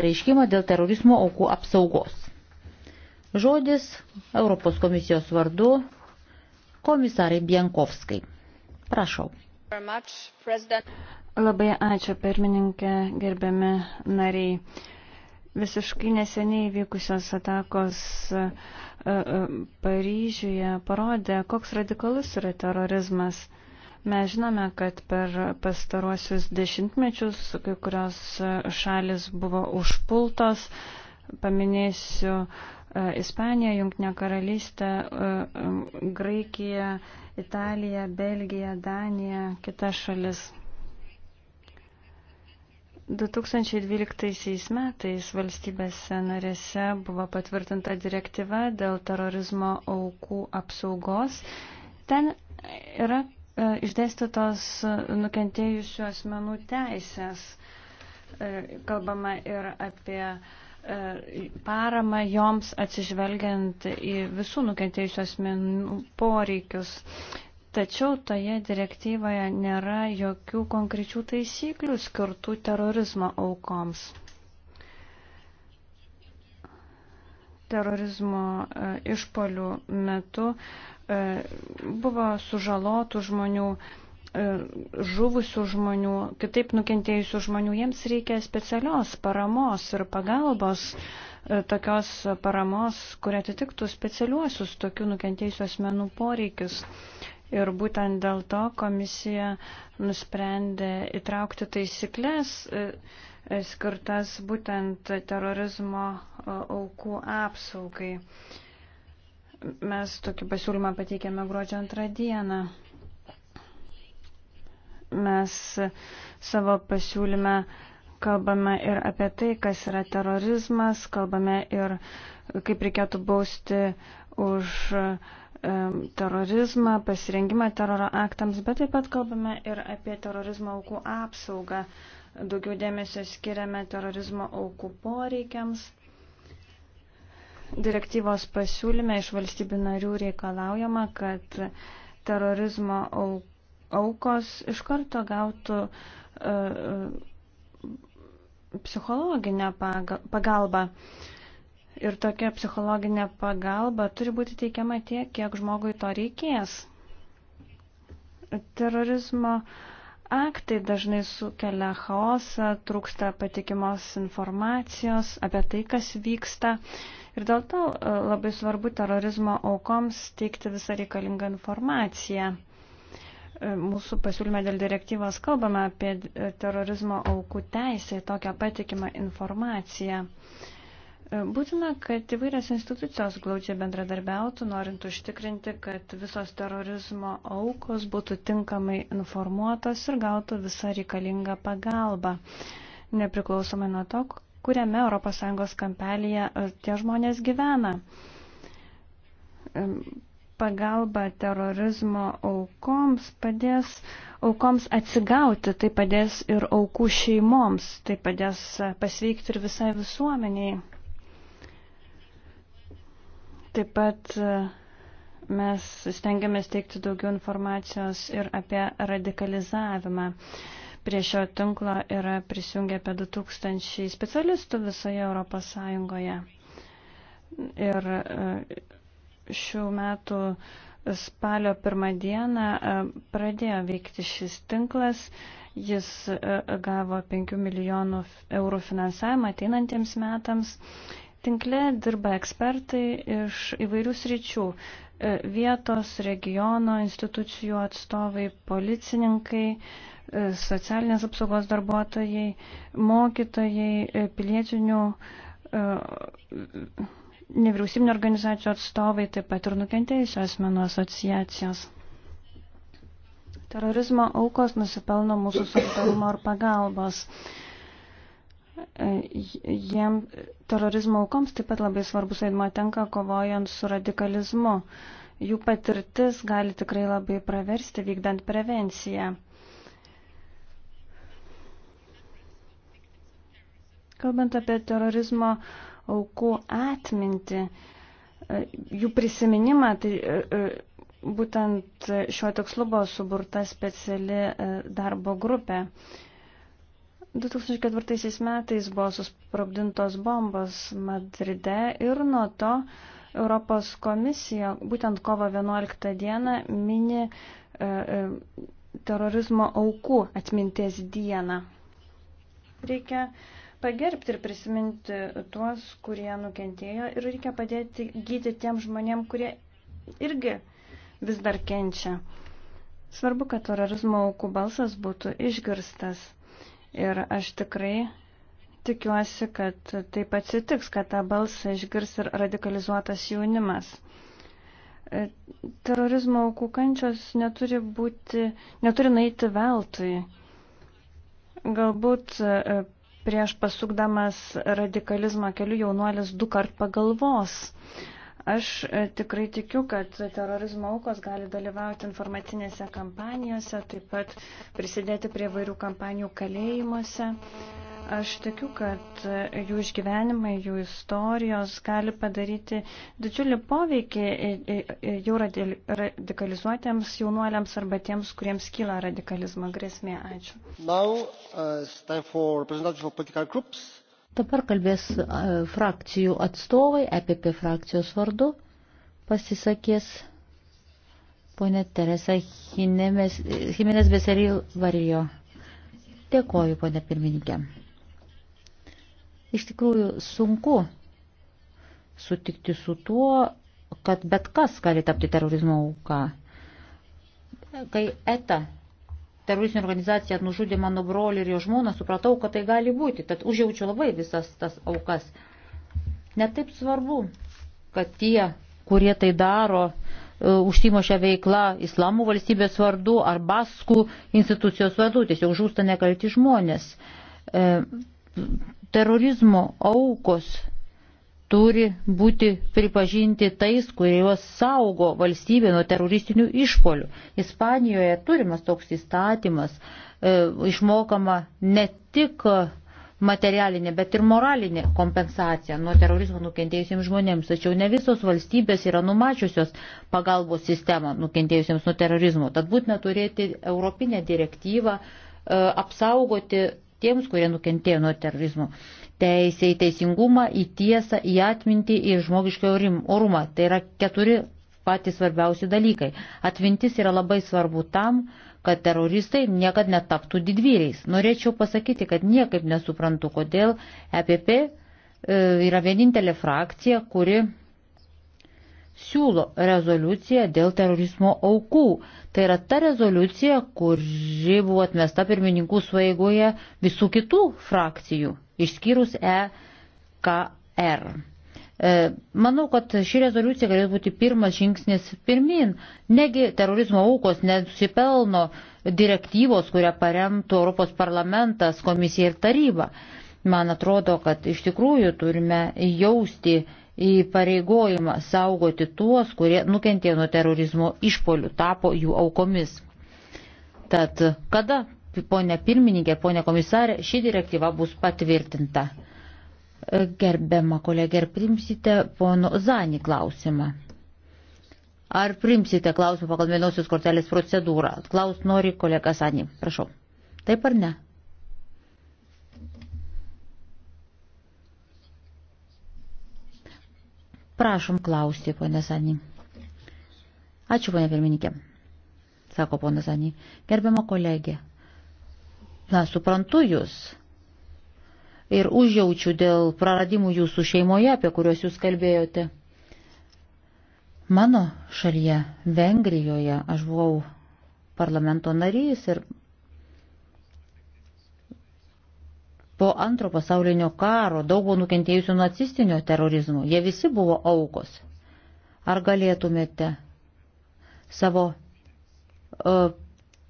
pareiškimą dėl terorizmo aukų apsaugos. Žodis Europos komisijos vardu komisarai Bienkovskai. Prašau. Labai ačiū, pirmininkė, gerbiami nariai. Visiškai neseniai vykusios atakos e, e, Paryžiuje parodė, koks radikalus yra terorizmas. Mes žinome, kad per pastaruosius dešimtmečius kai kurios šalis buvo užpultos. Paminėsiu e, Ispaniją, Junktinę karalystę, e, e, Graikiją, Italiją, Belgiją, Daniją, kitas šalis. 2012 metais valstybėse narėse buvo patvirtinta direktyva dėl terorizmo aukų apsaugos. Ten yra E, išdėstytos nukentėjusių asmenų teisės. E, kalbama ir apie e, paramą joms atsižvelgiant į visų nukentėjusių asmenų poreikius. Tačiau toje direktyvoje nėra jokių konkrečių taisyklių skirtų terorizmo aukoms. Terorizmo išpolių metu uh, E, buvo sužalotų žmonių, e, žuvusių žmonių, kitaip nukentėjusių žmonių. Jiems reikia specialios paramos ir pagalbos, e, tokios paramos, kuria atitiktų specialiuosius tokių nukentėjusių asmenų poreikius. Ir būtent dėl to komisija nusprendė įtraukti taisyklės skirtas būtent terorizmo aukų apsaugai. Mes tokį pasiūlymą pateikėme gruodžio antrą dieną. Mes savo pasiūlyme kalbame ir apie tai, kas yra terorizmas, kalbame ir kaip reikėtų bausti už terorizmą, pasirengimą teroro aktams, bet taip pat kalbame ir apie terorizmo aukų apsaugą. Daugiau dėmesio skiriame terorizmo aukų poreikiams direktyvos pasiūlyme iš valstybių narių reikalaujama, kad terorizmo aukos iš karto gautų e, e, psichologinę pagalbą. Ir tokia psichologinė pagalba turi būti teikiama tiek, kiek žmogui to reikės. Terorizmo uh, aktai dažnai sukelia chaosą, trūksta patikimos informacijos apie tai, kas vyksta. Ir dėl to e, labai svarbu terorizmo aukoms teikti visą reikalingą informaciją. E, mūsų pasiūlyme dėl direktyvos kalbame apie terorizmo aukų teisę į tokią patikimą informaciją. Būtina, kad įvairias institucijos glaudžiai bendradarbiautų, norint užtikrinti, kad visos terorizmo aukos būtų tinkamai informuotos ir gautų visą reikalingą pagalbą, nepriklausomai nuo to, kuriame ES kampelėje e, tie žmonės gyvena. Pagalba terorizmo aukoms padės aukoms atsigauti, tai padės ir aukų šeimoms, tai padės e, pasveikti ir visai visuomeniai. Taip pat e, mes stengiamės teikti daugiau informacijos ir apie radikalizavimą. Prie šio tinklo yra prisijungę apie 2000 specialistų visoje Europos Sąjungoje. Ir e, šių metų spalio pirmą dieną e, pradėjo veikti šis tinklas. Jis gavo 5 milijonų eurų finansavimą ateinantiems metams Tinkle dirba ekspertai iš įvairių sričių e, - vietos, regiono, institucijų atstovai, policininkai, e, socialinės apsaugos darbuotojai, mokytojai, e, pilietinių nevyriausybinio organizacijų atstovai, taip pat ir nukentėjusių asmenų asociacijos. Terorizmo aukos nusipelno mūsų solidarumo ir pagalbos jiem terorizmo aukoms taip pat labai svarbus vaidmuo tenka kovojant su radikalizmu. Jų patirtis gali tikrai labai praversti vykdant prevenciją. Kalbant apie terorizmo aukų atmintį, e, jų prisiminimą, tai e, e, būtent šiuo tikslu buvo suburta speciali darbo grupė. 2004 metais buvo susprogdintos bombos Madride ir nuo to Europos komisija būtent kovo 11 dieną mini e, e, terorizmo aukų atminties dieną. Reikia pagerbti ir prisiminti tuos, kurie nukentėjo ir reikia padėti gydyti tiem žmonėm, kurie irgi vis dar kenčia. Svarbu, kad terorizmo aukų balsas būtų išgirstas. Ir aš tikrai tikiuosi, kad taip atsitiks, kad tą balsą išgirs ir radikalizuotas jaunimas. E, terorizmo aukų kančios neturi būti, neturi naiti veltui. Galbūt e, prieš pasukdamas radikalizmą keliu jaunuolis du kart pagalvos, Aš e, tikrai tikiu, kad terorizmo aukos gali dalyvauti informacinėse kampanijose, taip pat prisidėti prie vairių kampanijų kalėjimuose. Aš tikiu, kad e, jų išgyvenimai, jų istorijos gali padaryti didžiulį poveikį jau radikalizuotiems jaunuoliams arba tiems, kuriems kyla radikalizmo grėsmė. Ačiū. Now, uh, Dabar kalbės e, frakcijų atstovai, EPP frakcijos vardu pasisakės ponė Teresa Jimenez Beseril Varijo. Dėkoju, ponė pirmininkė. Iš tikrųjų sunku sutikti su tuo, kad bet kas gali tapti terorizmo auka. Kai ETA teroristinė organizacija nužudė mano brolį ir jo žmoną, supratau, kad tai gali būti. Tad užjaučiu labai visas tas aukas. Netaip svarbu, kad tie, kurie tai daro, e, užsimo šią veiklą islamų valstybės vardu ar baskų institucijos vardu, tiesiog žūsta nekalti žmonės. E, terorizmo aukos turi būti pripažinti tais, kuriuos saugo valstybė nuo teroristinių išpolių. Ispanijoje turimas toks įstatymas, e, išmokama ne tik materialinė, bet ir moralinė kompensacija nuo terorizmo nukentėjusiems žmonėms. Tačiau ne visos valstybės yra numačiusios pagalbos sistemą nukentėjusiems nuo terorizmo. Tad būtina turėti europinę direktyvą e, apsaugoti tiems, kurie nukentėjo nuo terorizmo. E, teisę į teisingumą, į tiesą, į atmintį, į žmogišką orumą. Tai yra keturi patys svarbiausi dalykai. Atmintis yra labai svarbu tam, kad teroristai niekad netaptų didvyriais. Norėčiau pasakyti, kad niekaip nesuprantu, kodėl EPP e, yra vienintelė frakcija, kuri siūlo rezoliuciją dėl terorizmo aukų. Tai yra ta rezoliucija, kuri buvo atmesta pirmininkų sueigoje visų kitų frakcijų išskyrus EKR. E, manau, kad ši rezoliucija galėtų būti pirmas žingsnis pirmin. Negi terorizmo aukos nesipelno direktyvos, kurią paremtų Europos parlamentas, komisija ir taryba. Man atrodo, kad iš tikrųjų turime jausti įpareigojimą saugoti tuos, kurie nukentėjo nuo terorizmo išpolių, tapo jų aukomis. Tad kada ponė pirmininkė, ponė komisarė, ši direktyva bus patvirtinta. Gerbiama kolegė, ar primsite pono Zanį klausimą? Ar primsite klausimą pagal mėnosios kortelės procedūrą? Klaus nori kolega Zanį. Prašau. Taip ar ne? Prašom klausti, ponė Zanį. Ačiū, ponė pirmininkė, sako ponė Zanį. Gerbiama kolegė. Na, suprantu jūs. Ir užjaučiu dėl praradimų jūsų šeimoje, apie kuriuos jūs kalbėjote. Mano šalyje, Vengrijoje, aš buvau parlamento narys ir po antro pasaulinio karo daug buvo nukentėjusių nacistinio terorizmo. Jie visi buvo aukos. Ar galėtumėte savo uh,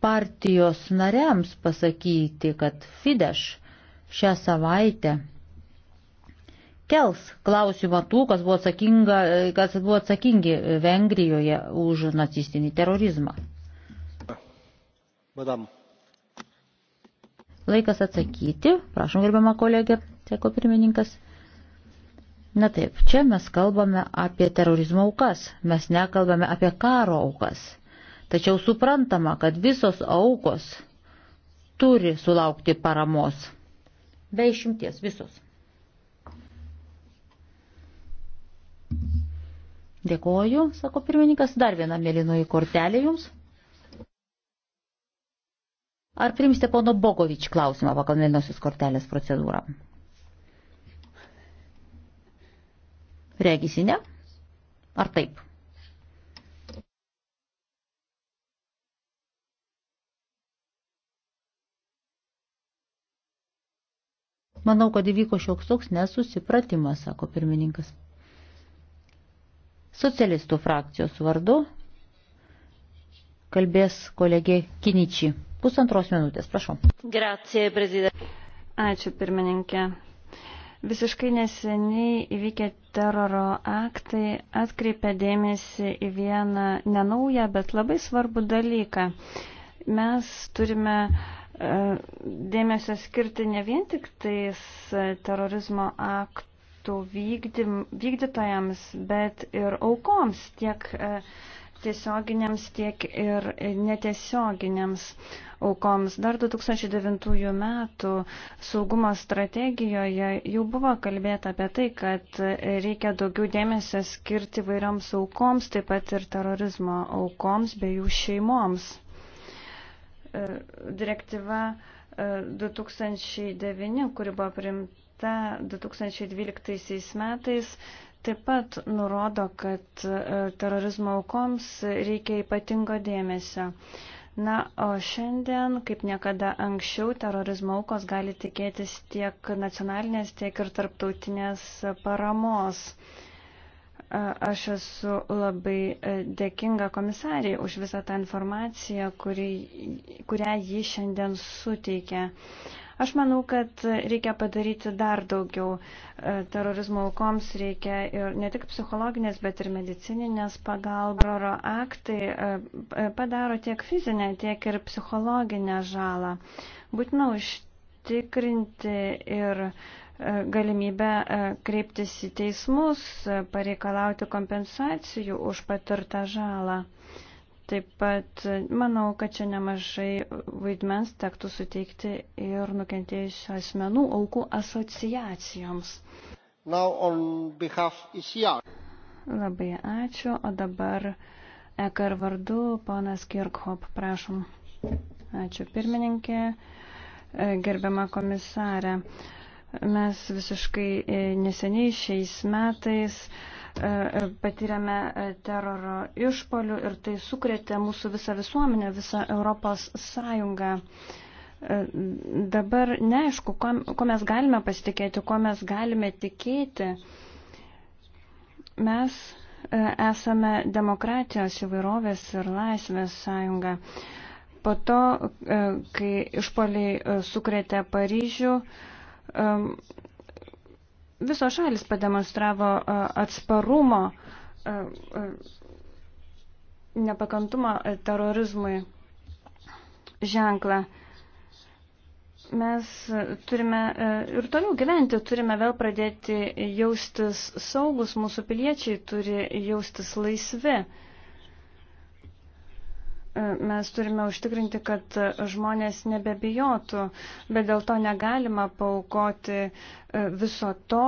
partijos nariams pasakyti, kad Fidesz šią savaitę kels klausimą tų, kas buvo, atsakinga, kas buvo atsakingi Vengrijoje už nacistinį terorizmą. Madam. Laikas atsakyti. Prašom, gerbiama kolegė, sako pirmininkas. Na taip, čia mes kalbame apie terorizmo aukas, mes nekalbame apie karo aukas. Tačiau suprantama, kad visos aukos turi sulaukti paramos. Be išimties visos. Dėkoju, sako pirmininkas, dar viena mėlynoji kortelė jums. Ar primsite pono Bogovič klausimą pagal mėlynosios kortelės procedūrą? Regisi ne? Ar taip? Manau, kad įvyko šioks toks nesusipratimas, sako pirmininkas. Socialistų frakcijos vardu kalbės kolegė Kiničiai. Pusantros minutės, prašau. Grazie, prezident. Ačiū, pirmininkė. Visiškai neseniai įvykę teroro aktai atkreipė dėmesį į vieną nenaują, bet labai svarbų dalyką. Mes turime uh, E, dėmesio skirti ne vien tik tais terorizmo aktų vykdym, vykdytojams, bet ir aukoms, tiek e, tiesioginiams, tiek ir netiesioginiams aukoms. Dar 2009 metų saugumo strategijoje jau buvo kalbėta apie tai, kad reikia daugiau dėmesio skirti vairioms aukoms, taip pat ir terorizmo aukoms bei jų šeimoms. E, direktyva 2009, e, kuri buvo priimta 2012 metais, taip pat nurodo, kad e, terorizmo aukoms reikia ypatingo dėmesio. Na, o šiandien, kaip niekada anksčiau, terorizmo aukos gali tikėtis tiek nacionalinės, tiek ir tarptautinės paramos. Aš esu labai e, dėkinga komisariai už visą tą informaciją, kuri, kurią ji šiandien suteikė. Aš manau, kad reikia padaryti dar daugiau. E, terorizmo aukoms reikia ir ne tik psichologinės, bet ir medicininės pagalboro aktai e, padaro tiek fizinę, tiek ir psichologinę žalą. Būtina užtikrinti ir uh, E, galimybę e, kreiptis į teismus, e, pareikalauti kompensacijų už patirtą žalą. Taip pat manau, kad čia nemažai vaidmens tektų suteikti ir nukentėjusių asmenų aukų asociacijoms. Labai ačiū, o dabar ekar vardu ponas Kirkhop, prašom. Ačiū pirmininkė, gerbiama komisarė. Mes visiškai e, neseniai šiais metais e, e, patyrėme teroro išpolių ir tai sukrėtė mūsų visą visuomenę, visą Europos sąjungą. Dabar neaišku, ko, ko mes galime pasitikėti, ko mes galime tikėti. Mes esame demokratijos įvairovės ir laisvės sąjunga. Po to, kai išpoliai sukrėtė Paryžių, Visos šalis pademonstravo e, atsparumo, e, e, nepakantumo terorizmui ženklą. Mes turime ir toliau gyventi, turime vėl pradėti jaustis saugus, mūsų piliečiai turi jaustis laisvi mes turime užtikrinti, kad žmonės nebebijotų, bet dėl to negalima paukoti e, viso to,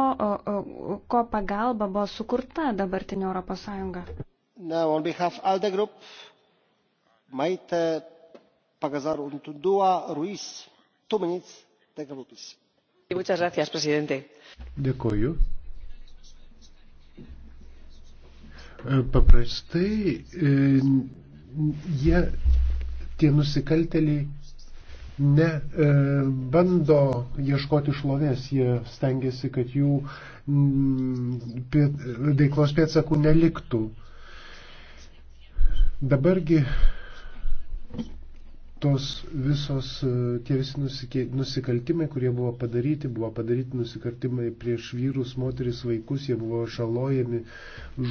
ko pagalba buvo sukurta dabartinė Europos Sąjunga. Now, on behalf ALDE Group, Maite Pagazarundua Ruiz, 2 minutes, take a please. Muchas gracias, presidente. Dėkoju. E, paprastai e jie, tie nusikalteliai, ne e, bando ieškoti šlovės, jie stengiasi, kad jų m, mm, pė, veiklos pėtsakų neliktų. Dabargi tos visos, e, tie visi nusikaltimai, kurie buvo padaryti, buvo padaryti nusikaltimai prieš vyrus, moteris, vaikus, jie buvo žalojami,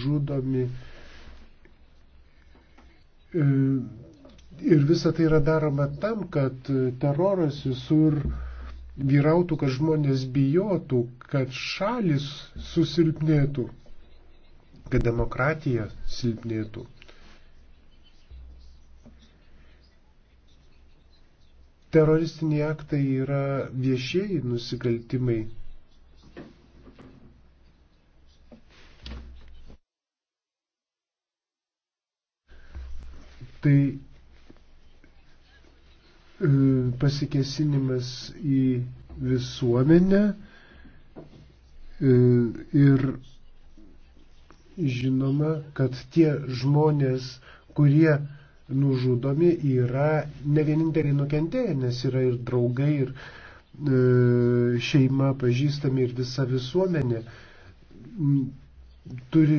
žudomi. E, E, ir visa tai yra daroma tam, kad teroras visur vyrautų, kad žmonės bijotų, kad šalis susilpnėtų, kad demokratija silpnėtų. Teroristiniai aktai yra viešieji nusikaltimai tai e, pasikesinimas į visuomenę e, ir žinoma, kad tie žmonės, kurie nužudomi, yra ne vieninteliai nukentėję, nes yra ir draugai, ir e, šeima, pažįstami, ir visa visuomenė turi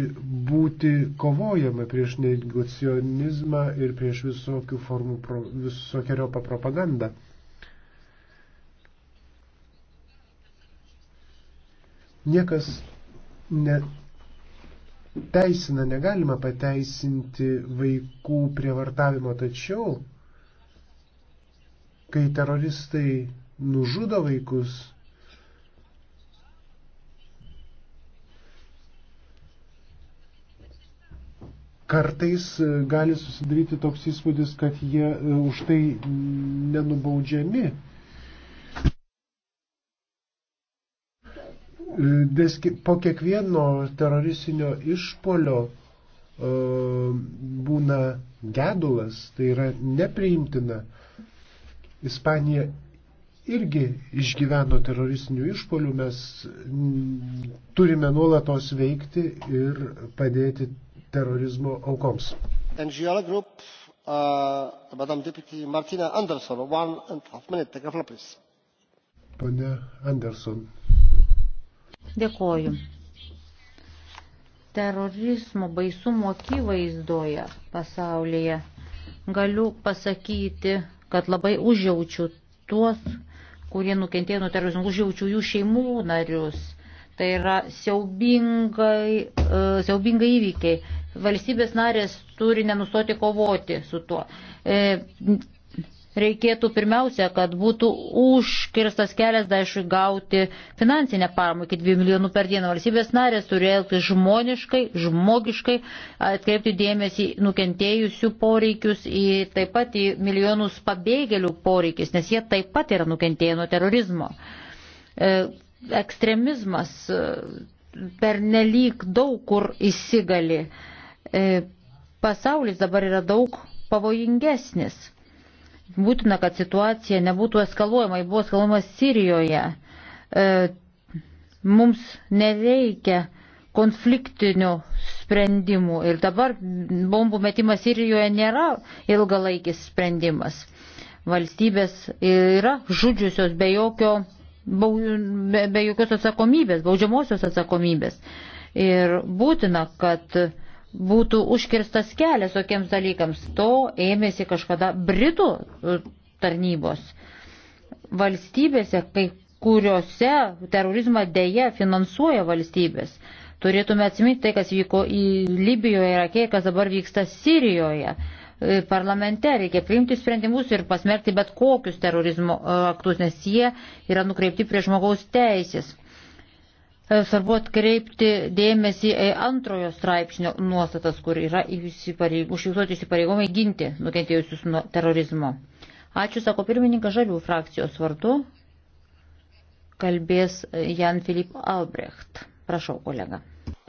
būti kovojama prieš negacionizmą ir prieš visokių formų, pro, visokiojopą propagandą. Niekas ne, teisina, negalima pateisinti vaikų prievartavimo, tačiau, kai teroristai nužudo vaikus, kartais e, gali susidaryti toks įspūdis, kad jie e, už tai nenubaudžiami. E, po kiekvieno teroristinio išpolio būna gedulas, tai yra nepriimtina. Ispanija irgi išgyveno teroristinių išpolių, mes turime nuolatos veikti ir padėti terorizmo aukoms. NGL Group, uh, Madam Deputy Martina Anderson, one and a half minute, take a floor, please. Pane Anderson. Dėkoju. Terorizmo baisumo akivaizdoje pasaulyje galiu pasakyti, kad labai užjaučiu tuos, kurie nukentėjo nuo terorizmo, užjaučiu jų šeimų narius Tai yra siaubingai, e, siaubingai įvykiai. Valstybės narės turi nenustoti kovoti su tuo. E, reikėtų pirmiausia, kad būtų užkirstas kelias daišui gauti finansinę paramą iki 2 milijonų per dieną. Valstybės narės turi elgti žmoniškai, žmogiškai, atkreipti dėmesį nukentėjusių poreikius, į, taip pat į milijonus pabėgėlių poreikis, nes jie taip pat yra nukentėję nuo terorizmo e, ekstremizmas e, per nelyg daug kur įsigali. E, pasaulis dabar yra daug pavojingesnis. Būtina, kad situacija nebūtų eskaluojama, ji buvo eskaluojama Sirijoje. E, mums nereikia konfliktinių sprendimų ir dabar bombų metimas Sirijoje nėra ilgalaikis sprendimas. Valstybės yra žudžiusios be jokio be, be jokios atsakomybės, baudžiamosios atsakomybės. Ir būtina, kad būtų užkirstas kelias tokiems dalykams. To ėmėsi kažkada Britų e, tarnybos. Valstybėse, kai kuriuose terorizmą dėja finansuoja valstybės. Turėtume atsiminti tai, kas vyko į Libijoje, Irake, kas dabar vyksta Sirijoje. Uh, E, parlamente, reikia priimti sprendimus ir pasmerkti bet kokius terorizmo e, aktus, nes jie yra nukreipti prie žmogaus teisės. E, svarbu atkreipti dėmesį į antrojo straipsnio nuostatas, kur yra užfiksuoti įsipareigomai ginti nukentėjusius nuo terorizmo. Ačiū, sako pirmininkas Žalių frakcijos vardu, kalbės Jan Filip Albrecht. Prašau, kolega.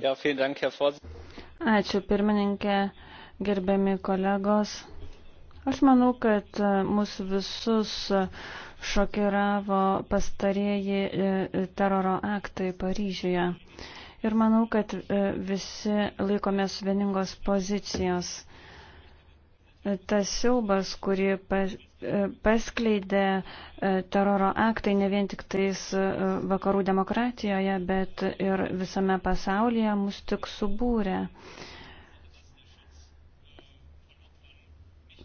Ja, dank, Ačiū, pirmininkė gerbiami kolegos. Aš manau, kad e, mus visus e, šokiravo pastarieji e, teroro aktai Paryžiuje. Ir manau, kad visi laikomės vieningos pozicijos. Tas siaubas, kurį paskleidė teroro aktai ne vien tik tais vakarų demokratijoje, bet ir visame pasaulyje mus tik subūrė.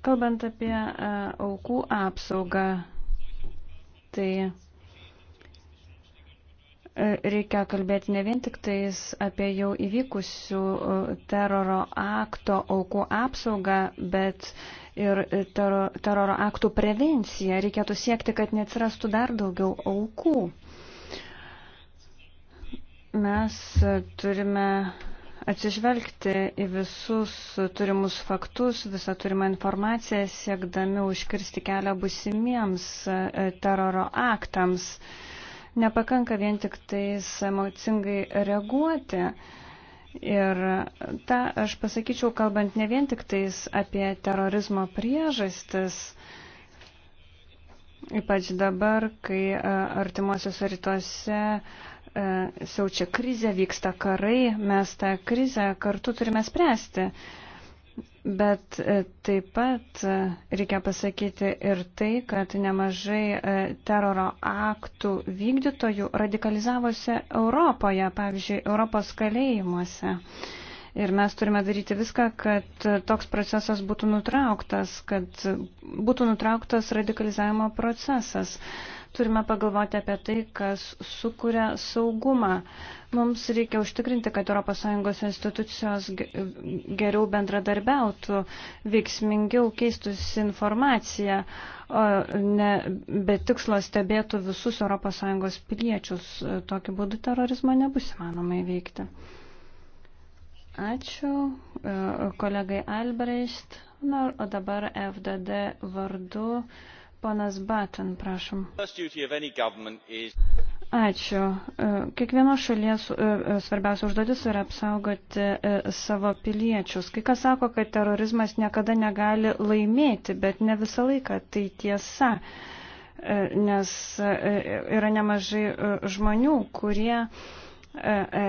Kalbant apie e, aukų apsaugą, tai e, reikia kalbėti ne vien tik tais apie jau įvykusių e, teroro akto aukų apsaugą, bet ir tero, teroro aktų prevenciją. Reikėtų siekti, kad neatsirastų dar daugiau aukų. Mes turime atsižvelgti į visus turimus faktus, visą turimą informaciją, siekdami užkirsti kelią busimiems e, teroro aktams. Nepakanka vien tik tais emocingai reaguoti. Ir tą aš pasakyčiau, kalbant ne vien tik tais apie terorizmo priežastis, ypač dabar, kai e, artimuosiuose rytuose E, siaučia krizė, vyksta karai, mes tą krizę kartu turime spręsti. Bet e, taip pat e, reikia pasakyti ir tai, kad nemažai teroro aktų vykdytojų radikalizavosi Europoje, pavyzdžiui, Europos kalėjimuose. Ir mes turime daryti viską, kad toks procesas būtų nutrauktas, kad būtų nutrauktas radikalizavimo procesas. Turime pagalvoti apie tai, kas sukuria saugumą. Mums reikia užtikrinti, kad ES institucijos geriau bendradarbiautų, veiksmingiau keistųsi informaciją, o ne be tikslo stebėtų visus ES piliečius. Tokiu būdu terorizmo nebus įmanoma įveikti. Ačiū e, kolegai Albrecht. Na, o dabar FDD vardu Ponas Batin, prašom. Ačiū. E, kiekvienos šalies e, e, svarbiausia užduotis yra apsaugoti savo piliečius. Kai kas sako, kad terorizmas niekada negali laimėti, bet ne visą laiką tai tiesa, nes yra nemažai žmonių, kurie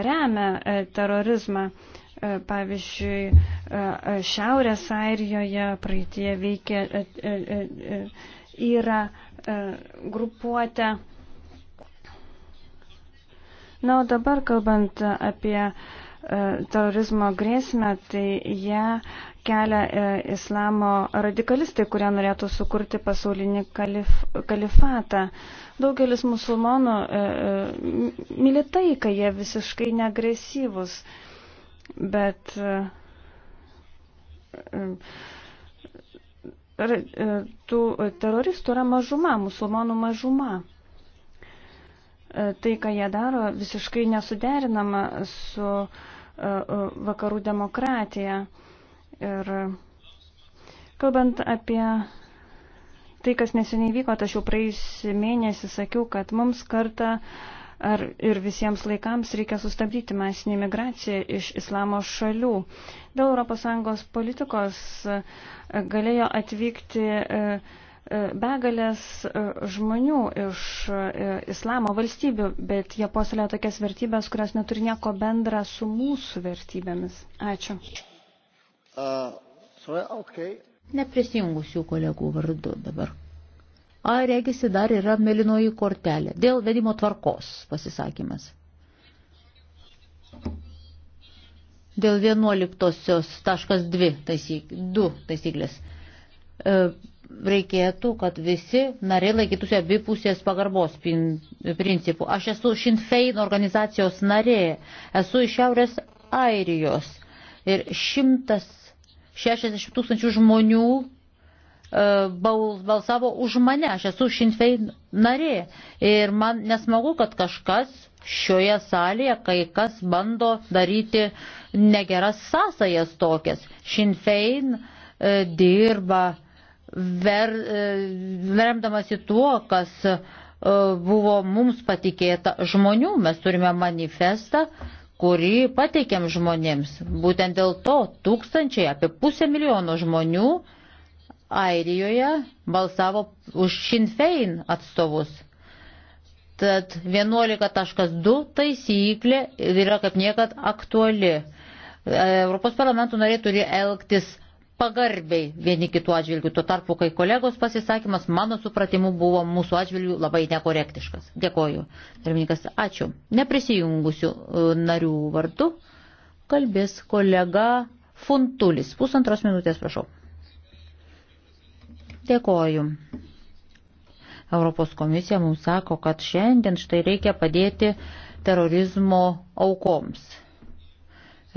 remia terorizmą. Pavyzdžiui, Šiaurės Airijoje praeitie veikia yra e, grupuotė. Na, o dabar kalbant apie e, terorizmo grėsmę, tai ją kelia e, islamo radikalistai, kurie norėtų sukurti pasaulinį kalif kalifatą. Daugelis musulmonų myli taiką, jie visiškai negresyvus, bet Ir e, tų teroristų yra mažuma, musulmonų mažuma. E, tai, ką jie daro, visiškai nesuderinama su e, vakarų demokratija. Ir kalbant apie tai, kas neseniai vyko, aš jau praėjusį mėnesį sakiau, kad mums kartą uh, ar ir visiems laikams reikia sustabdyti masinį migraciją iš islamo šalių. Dėl ES politikos e, galėjo atvykti e, e, begalės žmonių iš islamo valstybių, bet jie puoselėjo tokias vertybės, kurios neturi nieko bendra su mūsų vertybėmis. Ačiū. Uh, so, okay. Neprisijungusių kolegų vardu dabar A, regisi, dar yra melinoji kortelė. Dėl vedimo tvarkos pasisakymas. Dėl 11.2 taisyk, taisyklės. E, reikėtų, kad visi nariai laikytųsi abipusės pagarbos principų. Aš esu Sinn Fein organizacijos narė, esu iš Šiaurės Airijos ir 160 tūkstančių žmonių balsavo už mane, aš esu Šinfei narė ir man nesmagu, kad kažkas šioje salėje kai kas bando daryti negeras sąsajas tokias. Šinfein e, dirba ver, e, remdamasi tuo, kas e, buvo mums patikėta žmonių. Mes turime manifestą, kurį pateikėm žmonėms. Būtent dėl to tūkstančiai, apie pusę milijono žmonių Airijoje balsavo už Sinn Fein atstovus. Tad 11.2 taisyklė yra kaip niekad aktuali. Europos parlamentų nariai turi elgtis pagarbiai vieni kitų atžvilgių. Tuo tarpu, kai kolegos pasisakymas, mano supratimu, buvo mūsų atžvilgių labai nekorektiškas. Dėkoju. Pirmininkas, ačiū. Neprisijungusių e, narių vardu kalbės kolega Funtulis. Pusantros minutės, prašau. Dėkoju. Europos komisija mums sako, kad šiandien štai reikia padėti terorizmo aukoms.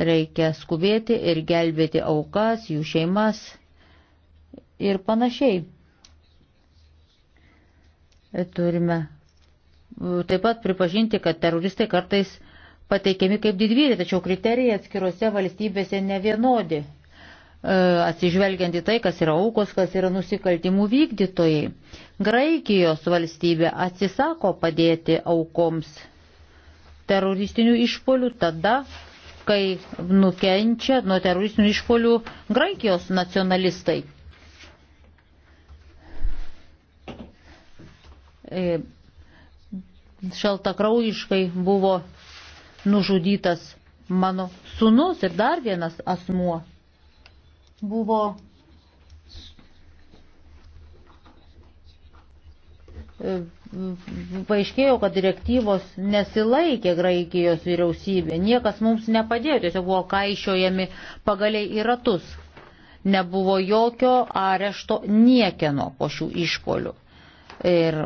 Reikia skubėti ir gelbėti aukas, jų šeimas ir panašiai. Turime taip pat pripažinti, kad teroristai kartais pateikiami kaip didvyriai, tačiau kriterijai atskiruose valstybėse nevienodi. E, atsižvelgiant į tai, kas yra aukos, kas yra nusikaltimų vykdytojai. Graikijos valstybė atsisako padėti aukoms teroristinių išpolių tada, kai nukenčia nuo teroristinių išpolių Graikijos nacionalistai. E, šaltakraujiškai buvo nužudytas mano sunus ir dar vienas asmuo buvo e, paaiškėjo, kad direktyvos nesilaikė Graikijos vyriausybė. Niekas mums nepadėjo, tiesiog buvo kaišiojami pagaliai į ratus. Nebuvo jokio arešto niekieno po šių išpolių. Ir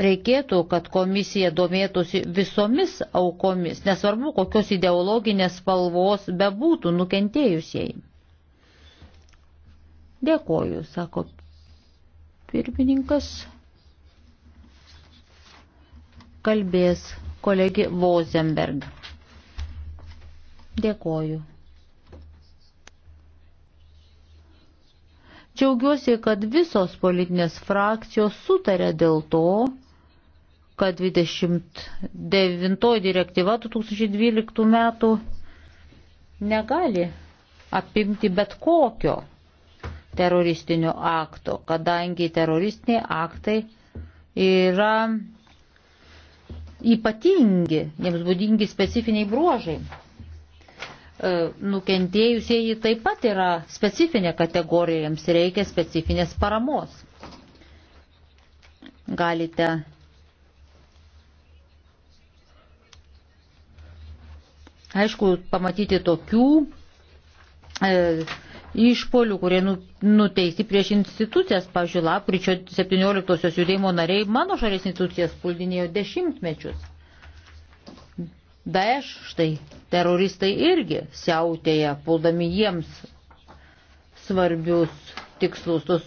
Reikėtų, kad komisija domėtųsi visomis aukomis, nesvarbu, kokios ideologinės spalvos bebūtų nukentėjusieji. Dėkoju, sako pirmininkas. Kalbės kolegi Vozenberg. Dėkoju. Džiaugiuosi, kad visos politinės frakcijos sutarė dėl to, kad 29 direktyva 2012 metų negali apimti bet kokio teroristinio akto, kadangi teroristiniai aktai yra ypatingi, jiems būdingi specifiniai bruožai. E, nukentėjusieji taip pat yra specifinė kategorija, jiems reikia specifinės paramos. Galite Aišku, pamatyti tokių e, išpolių, kurie nu, nuteisti prieš institucijas, pavyzdžiui, lapkričio 17-osios judėjimo nariai mano šalies institucijas puldinėjo dešimtmečius. Daesh, štai, teroristai irgi siautėja, puldami jiems svarbius tikslus. Tos,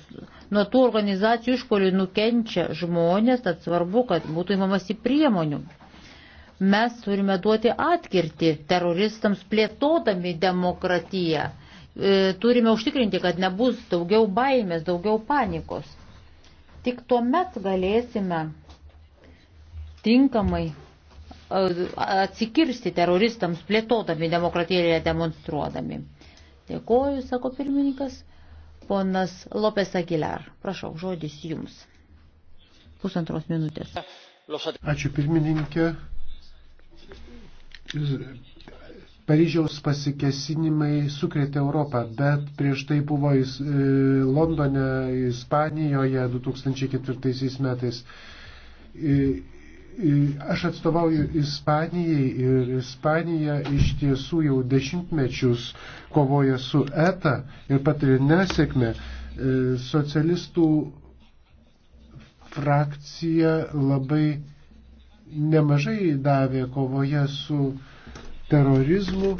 nuo tų organizacijų išpolių nukenčia žmonės, tad svarbu, kad būtų įmamasi priemonių. Mes turime duoti atkirti teroristams plėtodami demokratiją. E, turime užtikrinti, kad nebus daugiau baimės, daugiau panikos. Tik tuomet galėsime tinkamai e, atsikirsti teroristams plėtodami demokratiją ir demonstruodami. Dėkoju, sako pirmininkas. Ponas Lopes Aguilar, prašau, žodis jums. Pusantros minutės. Ačiū pirmininkė. Paryžiaus pasikesinimai sukrėtė Europą, bet prieš tai buvo jis, e, Londone, Ispanijoje 2004 metais. E, e, aš atstovauju Ispanijai ir Ispanija iš tiesų jau dešimtmečius kovoja su ETA ir patiria nesėkmę. E, socialistų frakcija labai nemažai davė kovoje su terorizmu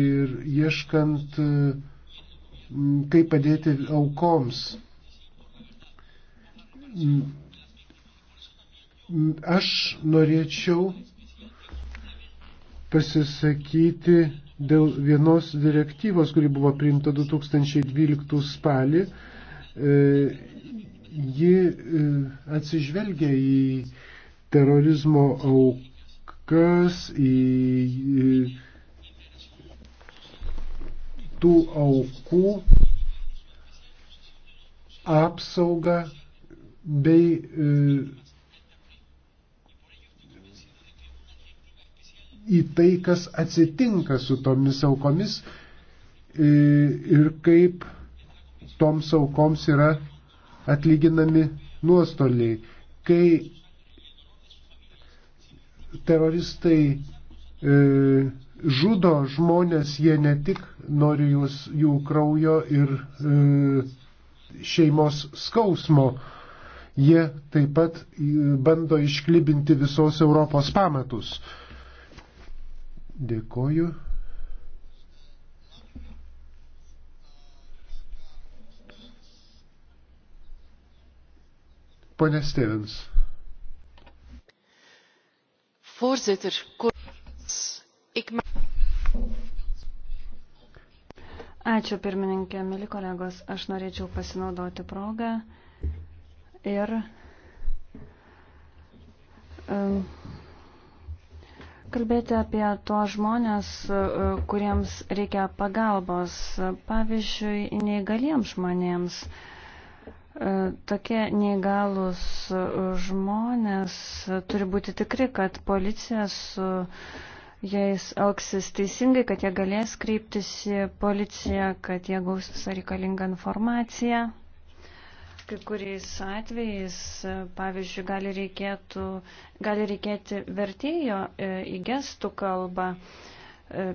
ir ieškant, e, kaip padėti aukoms. Aš norėčiau pasisakyti dėl vienos direktyvos, kuri buvo priimta 2012 spalį. E, ji e, atsižvelgia į terorizmo aukas, į tų aukų apsaugą bei e, į tai, kas atsitinka su tomis aukomis e, ir kaip toms aukoms yra atlyginami nuostoliai. Kai teroristai e, žudo žmonės, jie ne tik nori jūs, jų kraujo ir e, šeimos skausmo, jie taip pat e, bando išklibinti visos Europos pamatus. Dėkoju. Pone Stevens. Voorzitter, ik Ačiū pirmininkė, mėly kolegos, aš norėčiau pasinaudoti progą ir um, kalbėti apie tuos žmonės, e, kuriems reikia pagalbos, pavyzdžiui, neįgaliems žmonėms. Uh, E, tokie neįgalus žmonės turi būti tikri, kad policija su jais elgsis teisingai, kad jie galės kreiptis į policiją, kad jie gaus visą reikalingą informaciją. Kai kuriais atvejais, e, pavyzdžiui, gali, reikėtų, gali reikėti vertėjo e, į gestų kalbą.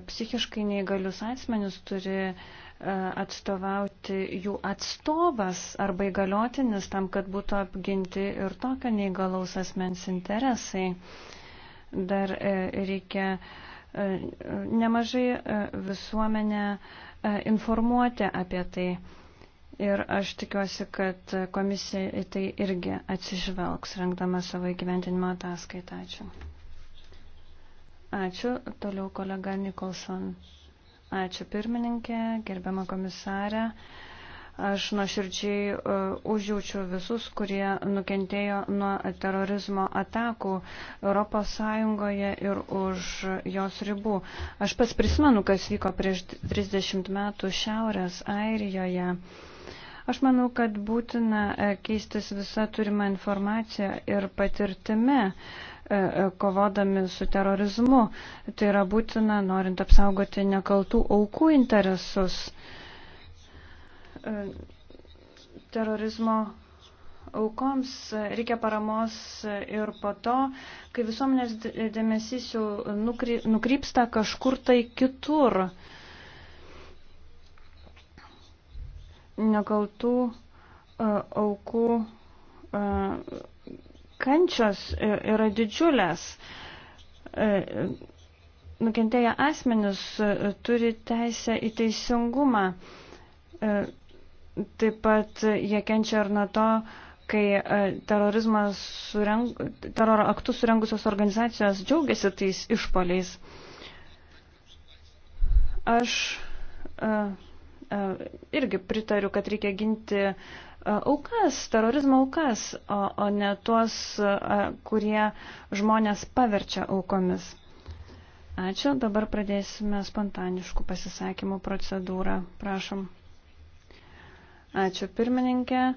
Psichiškai neįgalius asmenius turi E, atstovauti jų atstovas arba įgaliotinis tam, kad būtų apginti ir tokio neįgalaus asmens interesai. Dar e, reikia e, nemažai visuomenę informuoti apie tai. Ir aš tikiuosi, kad komisija į tai irgi atsižvelgs, rengdama savo įgyventinimo ataskaitą. Ačiū. Ačiū. Toliau kolega Nikolson. Ačiū pirmininkė, gerbiama komisarė. Aš nuoširdžiai uh, užjaučiu visus, kurie nukentėjo nuo terorizmo atakų ES ir už jos ribų. Aš pats prisimenu, kas vyko prieš 30 metų Šiaurės Airijoje. Uh, Aš manau, kad būtina e, keistis visą turimą informaciją ir patirtimi e, e, kovodami su terorizmu. Tai yra būtina, norint apsaugoti nekaltų aukų interesus. Terorizmo aukoms reikia paramos ir po to, kai visuomenės dėmesys jau nukrypsta kažkur tai kitur. nekaltų e, aukų e, kančios yra didžiulės. E, nukentėję asmenys turi teisę į teisingumą. Taip pat jie kenčia ir nuo to, kai sureng, teroro aktus surengusios organizacijos džiaugiasi tais išpoliais. Aš uh, E, irgi pritariu, kad reikia ginti e, aukas, terorizmo aukas, o, o ne tuos, e, kurie žmonės paverčia aukomis. Ačiū, dabar pradėsime spontaniškų pasisakymų procedūrą. Prašom. Ačiū pirmininkė.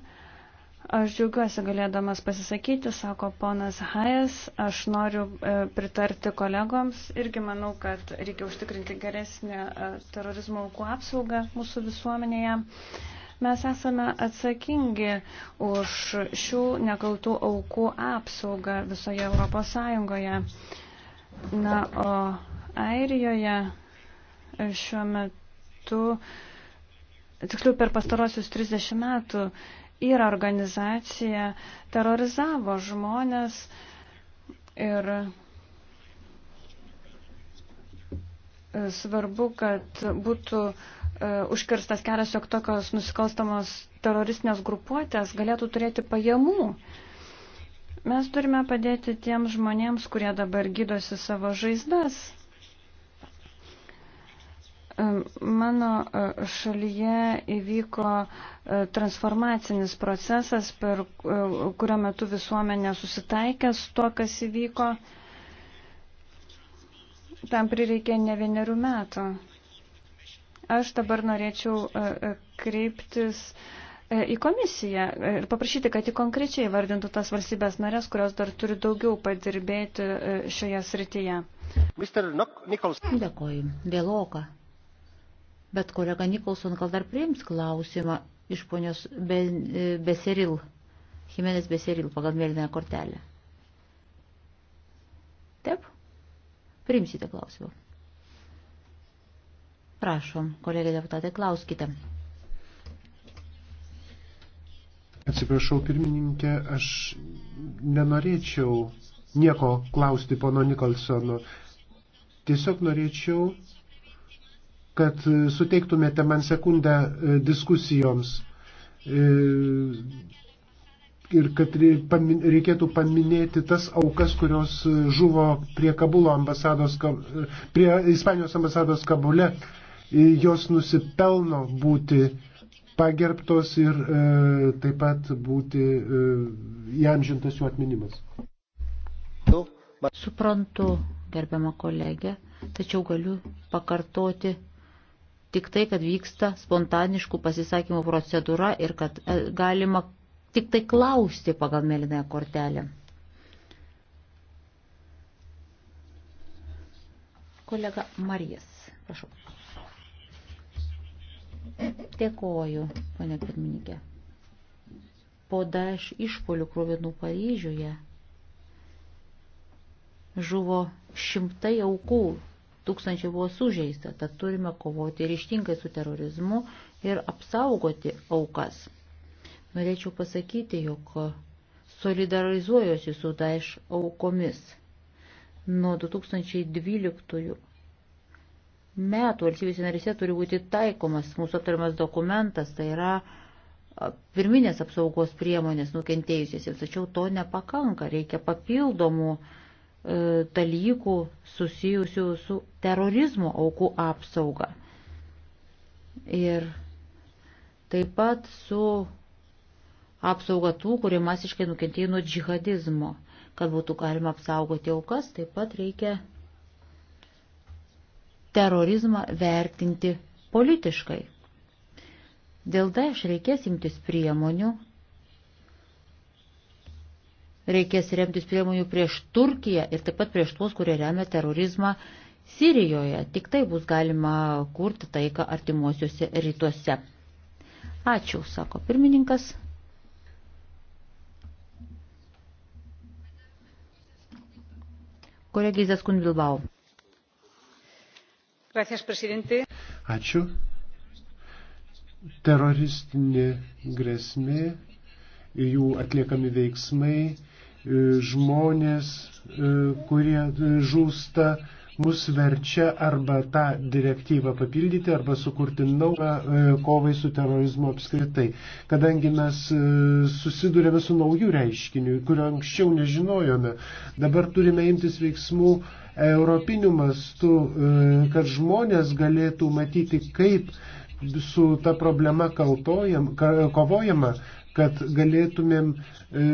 Aš džiaugiuosi galėdamas pasisakyti, sako ponas Hajas, aš noriu e, pritarti kolegoms, irgi manau, kad reikia užtikrinti geresnę e, terorizmo aukų apsaugą mūsų visuomenėje. Mes esame atsakingi už šių nekaltų aukų apsaugą visoje Europos Sąjungoje. Na, o Airijoje e, šiuo metu, tiksliau per pastarosius 30 metų, yra organizacija terorizavo žmonės ir svarbu, kad būtų e, užkirstas kelias, jog tokios nusikalstamos teroristinės grupuotės galėtų turėti pajamų. Mes turime padėti tiems žmonėms, kurie dabar gydosi savo žaizdas. Mano e, šalyje įvyko e, transformacinis procesas, per e, kurio metu visuomenė susitaikė su tuo, kas įvyko. Tam prireikė ne vienerių metų. Aš dabar norėčiau kreiptis į komisiją ir paprašyti, kad į konkrečiai vardintų tas valstybės narės, kurios dar turi daugiau padirbėti šioje srityje. Dėkoju. Vėloka. Bet kolega Nikolson gal dar priims klausimą iš ponios Be, Beseril, Jimenez Beseril pagal mėlynąją kortelę. Taip? Priimsite klausimą. Prašom, kolegė deputatė, klauskite. Atsiprašau, pirmininkė, aš nenorėčiau nieko klausti pono Nikolsono. Tiesiog norėčiau kad e, suteiktumėte man sekundę e, diskusijoms e, ir kad reikėtų paminėti tas aukas, kurios žuvo prie Kabulo ambasados, prie Ispanijos ambasados Kabule. Jos nusipelno būti pagerbtos ir e, taip pat būti e, įamžintas jų atminimas. Suprantu, gerbiama kolegė, tačiau galiu pakartoti tik tai, kad vyksta spontaniškų pasisakymų procedūra ir kad e, galima tik tai klausti pagal mėlynąją kortelę. Kolega Marijas, prašau. Dėkoju, ponė pirmininkė. Po daž išpolių krovinų Paryžiuje žuvo šimtai aukų tūkstančiai buvo sužeista, tad turime kovoti ryštingai su terorizmu ir apsaugoti aukas. Norėčiau pasakyti, jog solidarizuojosi su Daesh aukomis. Nuo 2012 metų valstybėse narise turi būti taikomas mūsų aptariamas dokumentas, tai yra pirminės apsaugos priemonės nukentėjusiesiems, tačiau to nepakanka, reikia papildomų uh, E, dalykų susijusių su terorizmo aukų apsauga. Ir taip pat su apsauga tų, kurie masiškai nukentėjo nuo džihadizmo. Kad būtų galima apsaugoti aukas, taip pat reikia terorizmą vertinti politiškai. Dėl Daesh reikės imtis priemonių, reikės remtis priemonių prieš Turkiją ir taip pat prieš tuos, kurie remia terorizmą Sirijoje. Tik tai bus galima kurti taiką artimuosiuose rytuose. Ačiū, sako pirmininkas. Kolegijas Kunvilbau. Ačiū. Teroristinė grėsmė, jų atliekami veiksmai žmonės, e, kurie žūsta, mus verčia arba tą direktyvą papildyti, arba sukurti naują e, kovai su terorizmu apskritai. Kadangi mes e, susidurėme su naujų reiškiniu, kurio anksčiau nežinojome, dabar turime imtis veiksmų europiniu mastu, kad žmonės galėtų matyti, kaip su ta problema kaltojam, kovojama, kad galėtumėm e,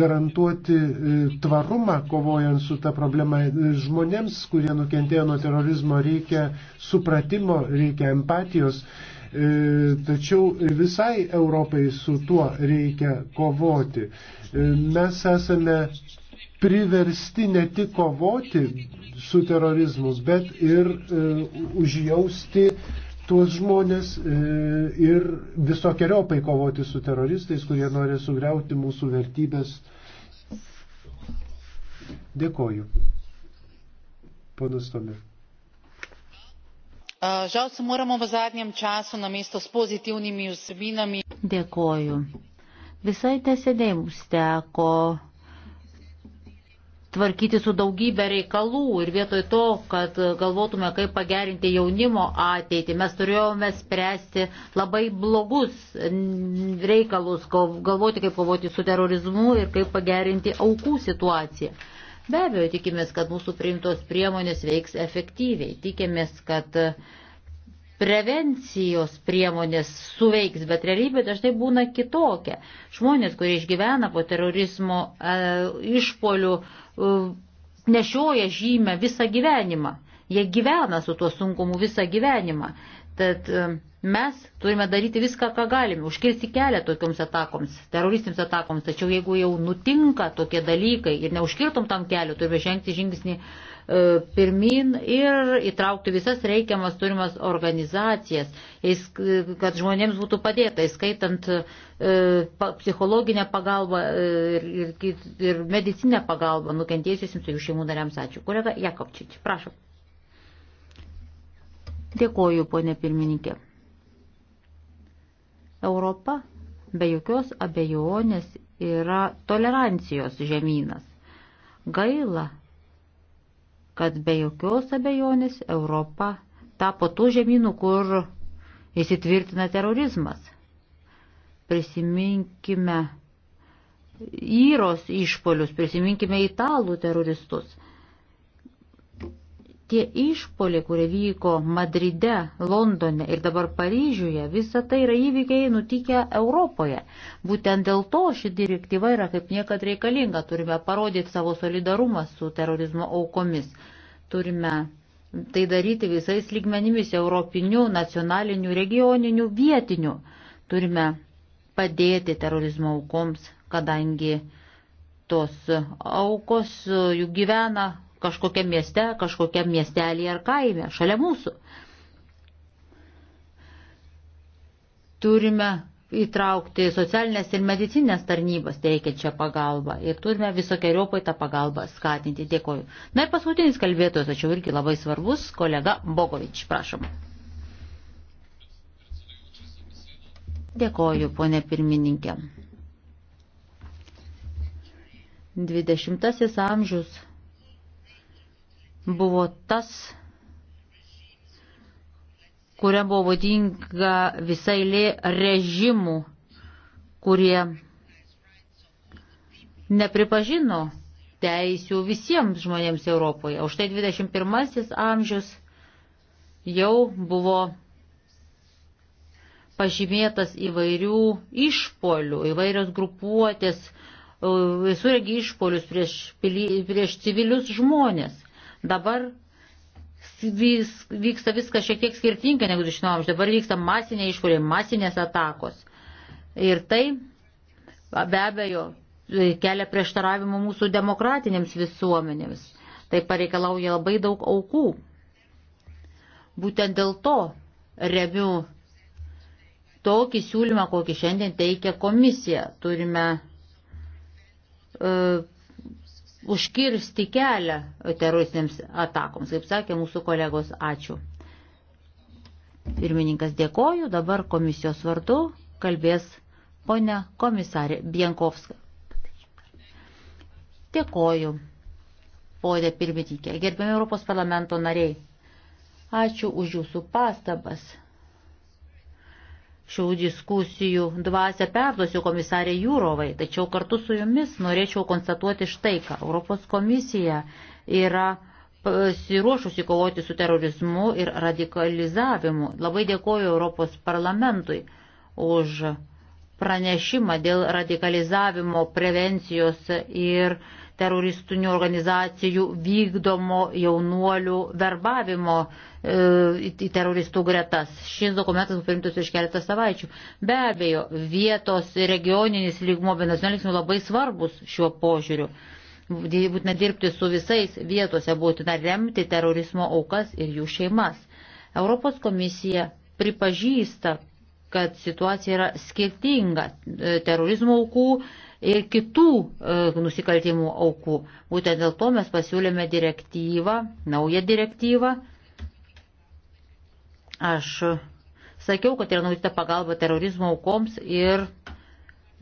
garantuoti e, tvarumą, kovojant su ta problema. Žmonėms, kurie nukentėjo nuo terorizmo, reikia supratimo, reikia empatijos, e, tačiau visai Europai su tuo reikia kovoti. Mes esame priversti ne tik kovoti su terorizmu, bet ir užjausti uh, tuos žmonės e, ir visokiojopai kovoti su teroristais, kurie nori sugriauti mūsų vertybės. Dėkoju. Ponas Tomė. Žal se moramo v zadnjem času namesto s pozitivnimi vsebinami. Dėkoju. Visai neseniai mums teko tvarkyti su daugybė reikalų ir vietoj to, kad galvotume, kaip pagerinti jaunimo ateitį, mes turėjome spręsti labai blogus reikalus, galvoti, kaip kovoti su terorizmu ir kaip pagerinti aukų situaciją. Be abejo, tikimės, kad mūsų priimtos priemonės veiks efektyviai. Tikimės, kad uh, prevencijos priemonės suveiks, bet realybė dažnai būna kitokia. Žmonės, kurie išgyvena po terorizmo e, išpolių, e, nešioja žymę visą gyvenimą. Jie gyvena su tuo sunkumu visą gyvenimą. Tad e, mes turime daryti viską, ką galime, užkirsti kelią tokioms atakoms, teroristams atakoms. Tačiau jeigu jau nutinka tokie dalykai ir neužkirtom tam keliu, turime žengti žingsnį E, pirmin ir įtraukti visas reikiamas turimas organizacijas, kad žmonėms būtų padėta, įskaitant e, psichologinę pagalbą e, ir, ir, ir medicinę pagalbą nukentėjusiems ir jų šeimų nariams. Ačiū. Kolega Jakovčič, prašom. Dėkoju, ponė pirmininkė. Europa be jokios abejonės yra tolerancijos žemynas. Gaila, kad be jokios abejonės Europa tapo tų žemynų, kur įsitvirtina terorizmas. Prisiminkime įros išpolius, prisiminkime italų teroristus. Tie išpoliai, kurie vyko Madride, Londone ir dabar Paryžiuje, visa tai yra įvykiai nutikę Europoje. Būtent dėl to ši direktyva yra kaip niekad reikalinga. Turime parodyti savo solidarumą su terorizmo aukomis. Turime tai daryti visais lygmenimis - europiniu, nacionaliniu, regioniniu, vietiniu. Turime padėti terorizmo aukoms, kadangi tos aukos jų gyvena kažkokiam mieste, kažkokiam miestelėje ar kaime, šalia mūsų. Turime įtraukti socialinės ir medicinės tarnybas teikiančią pagalbą ir turime visokiojopai tą pagalbą skatinti. Dėkoju. Na ir paskutinis kalbėtojas, tačiau irgi labai svarbus, kolega Bogovič, prašom. Dėkoju, ponė pirmininkė. 20 amžius buvo tas, kuria buvo vadinga visai lė režimų, kurie nepripažino teisių visiems žmonėms Europoje. O štai 21 amžius jau buvo pažymėtas įvairių išpolių, įvairios grupuotės, visureigiai išpolius prieš, prieš civilius žmonės. Dabar vis, vyksta viskas šiek tiek skirtingai negu 20 amžiuje. Dabar vyksta masiniai išpoliai, masinės atakos. Ir tai be abejo kelia prieštaravimų mūsų demokratinėms visuomenėms. Tai pareikalauja labai daug aukų. Būtent dėl to remiu tokį siūlymą, kokį šiandien teikia komisija. Turime uh, užkirsti kelią teroristiniams atakoms. Kaip sakė mūsų kolegos, ačiū. Pirmininkas dėkoju, dabar komisijos vardu kalbės ponia komisarė Bienkovska. Dėkoju, ponė pirmininkė, gerbiami Europos parlamento nariai. Ačiū už jūsų pastabas šių diskusijų dvasę perduosiu komisarė Jūrovai, tačiau kartu su jumis norėčiau konstatuoti štai, ką Europos komisija yra pasiruošusi kovoti su terorizmu ir radikalizavimu. Labai dėkoju Europos parlamentui už pranešimą dėl radikalizavimo prevencijos ir teroristinių organizacijų vykdomo jaunuolių verbavimo e, į teroristų gretas. Šis dokumentas buvo priimtas prieš keletą savaičių. Be abejo, vietos regioninis lygmo bei nacionalinis labai svarbus šiuo požiūriu. Būtina dirbti su visais vietose, būtina remti terorizmo aukas ir jų šeimas. Europos komisija pripažįsta, kad situacija yra skirtinga e, terorizmo aukų ir kitų e, nusikaltimų aukų. Būtent dėl to mes pasiūlėme direktyvą, naują direktyvą. Aš sakiau, kad yra numatyta pagalba terorizmo aukoms ir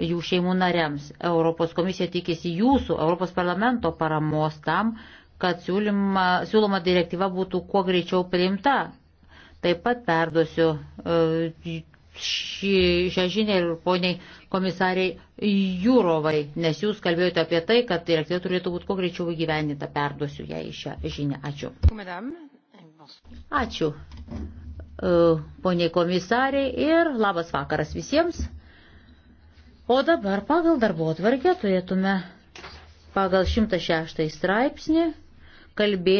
jų šeimų nariams. Europos komisija tikisi jūsų, Europos parlamento paramos tam, kad siūlyma, siūloma direktyva būtų kuo greičiau priimta. Taip pat perduosiu e, šį, šią žinę ir poniai komisariai Jūrovai, nes jūs kalbėjote apie tai, kad direktyva turėtų būti kuo greičiau įgyvendinta. Perduosiu ją į šią žinę. Ačiū. Ačiū. E, poniai komisariai ir labas vakaras visiems. O dabar pagal darbo atvarkę turėtume pagal 106 straipsnį kalbėti.